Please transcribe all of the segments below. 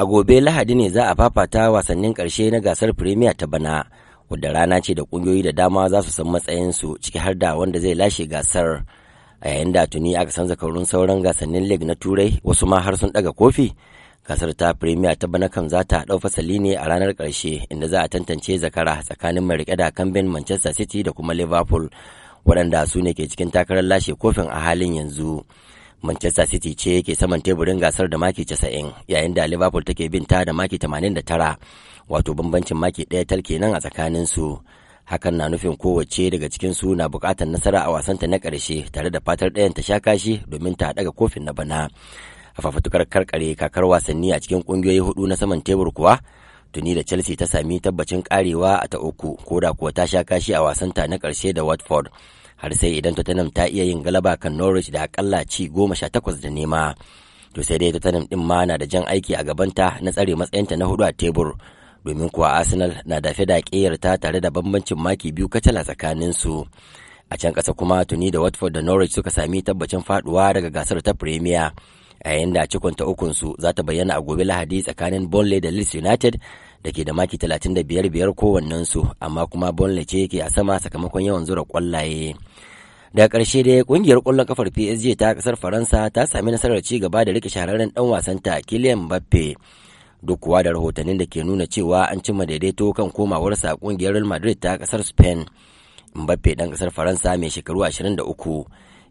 A gobe Lahadi ne za a fafata wasannin karshe na gasar Premier ta bana, wadda rana ce da ƙungiyoyi da dama za su san matsayinsu ciki har da wanda zai lashe gasar. A yayin da tuni aka san zakarun sauran gasannin League na Turai wasu ma har sun ɗaga kofi. Gasar ta Premier ta bana kam za ta ɗau fasali ne a ranar karshe inda za a tantance zakara tsakanin mai rike da kambin Manchester City da kuma Liverpool waɗanda su ne ke cikin takarar lashe kofin a halin yanzu. Manchester City ce ke saman teburin gasar da maki 90 yayin da Liverpool take bin ta da maki 89 wato bambancin maki ɗaya tal kenan a tsakanin su. Hakan na nufin kowace daga cikin su na bukatar nasara a wasanta na ƙarshe tare da fatar ɗayan ta sha kashi domin ta daga kofin na bana. A fafatukar karkare kakar wasanni a cikin ƙungiyoyi hudu na saman tebur kuwa tuni da Chelsea ta sami tabbacin karewa a ta uku koda da kuwa ta sha kashi a wasanta na ƙarshe da Watford. har sai idan Tottenham ta iya yin galaba kan Norwich da akalla ci goma sha takwas da nema. To sai dai Tottenham din ma na da jan aiki a gabanta na tsare matsayinta na hudu a tebur. Domin kuwa Arsenal na da da ƙeyarta tare da bambancin maki biyu kacala tsakanin su A can ƙasa kuma tuni da Watford da Norwich suka sami tabbacin faduwa daga gasar ta Premier. yayin da cikonta ukunsu za ta bayyana a gobe lahadi tsakanin Burnley da Leeds United da ke da maki 35 kowannensu amma kuma Burnley ce ke a sama sakamakon yawan zura kwallaye. daga ƙarshe dai ƙungiyar ƙwallon kafar PSG ta ƙasar Faransa ta sami nasarar ci gaba da rike shahararren ɗan wasanta Kylian Mbappe duk kuwa da rahotannin da ke nuna cewa an cimma daidaito kan komawarsa ƙungiyar Real Madrid ta ƙasar Spain. Mbappe ɗan ƙasar Faransa mai shekaru 23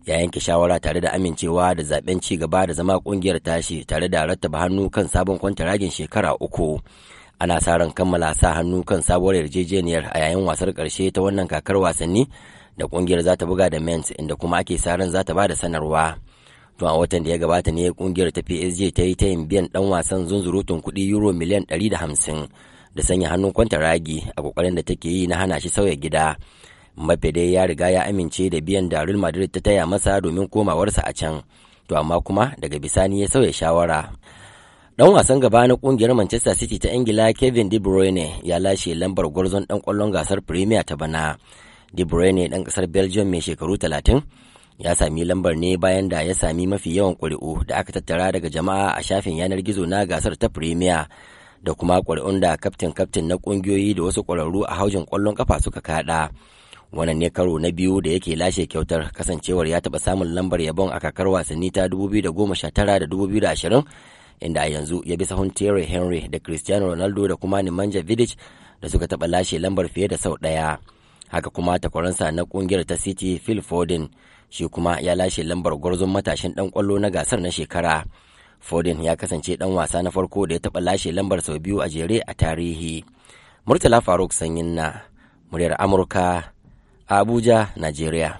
ya yanke shawara tare da amincewa da zaben ci gaba da zama kungiyar tashi tare da rattaba hannu kan sabon kwantaragin shekara uku. ana sa ran kammala sa hannu kan sabuwar yarjejeniyar a yayin wasar karshe ta wannan kakar wasanni da ƙungiyar za ta buga da mens inda kuma ake sa ran za ta ba da sanarwa tun a watan da ya gabata ne kungiyar ta psg ta yi ta yin biyan ɗan wasan zunzurutun kuɗi euro miliyan ɗari da hamsin da sanya hannun kwanta ragi a ƙoƙarin da take yi na hana shi sauya gida Mbappe dai ya riga ya amince da biyan da Real Madrid ta taya masa domin komawarsa a can. To amma kuma daga bisani ya sauya shawara. Dan wasan gaba na ƙungiyar Manchester City ta Ingila Kevin De Bruyne ya lashe lambar gwarzon ɗan kwallon gasar Premier ta bana. De Bruyne dan ƙasar Belgium mai shekaru 30 ya sami lambar ne bayan da ya sami mafi yawan ƙuri'u da aka tattara daga jama'a a shafin yanar gizo na gasar ta Premier da kuma ƙuri'un da kaftin kaftin na ƙungiyoyi da wasu ƙwararru a haujin ƙwallon kafa suka kaɗa. Wannan ne karo na biyu da yake lashe kyautar kasancewar ya taɓa samun lambar yabon a kakar wasanni ta 2019 da 2020 inda a yanzu ya bi sahun Terry Henry da Cristiano Ronaldo da kuma Nemanja Vidic da suka taɓa lashe lambar fiye da sau ɗaya. Haka kuma takwaransa na ƙungiyar ta City Phil Foden shi kuma ya lashe lambar gwarzon matashin ɗan ƙwallo na gasar na shekara. Foden ya kasance ɗan wasa na farko da ya taɓa lashe lambar sau biyu a jere a tarihi. Murtala Faruk Sanyin na muryar Amurka, Abuja, Najeriya.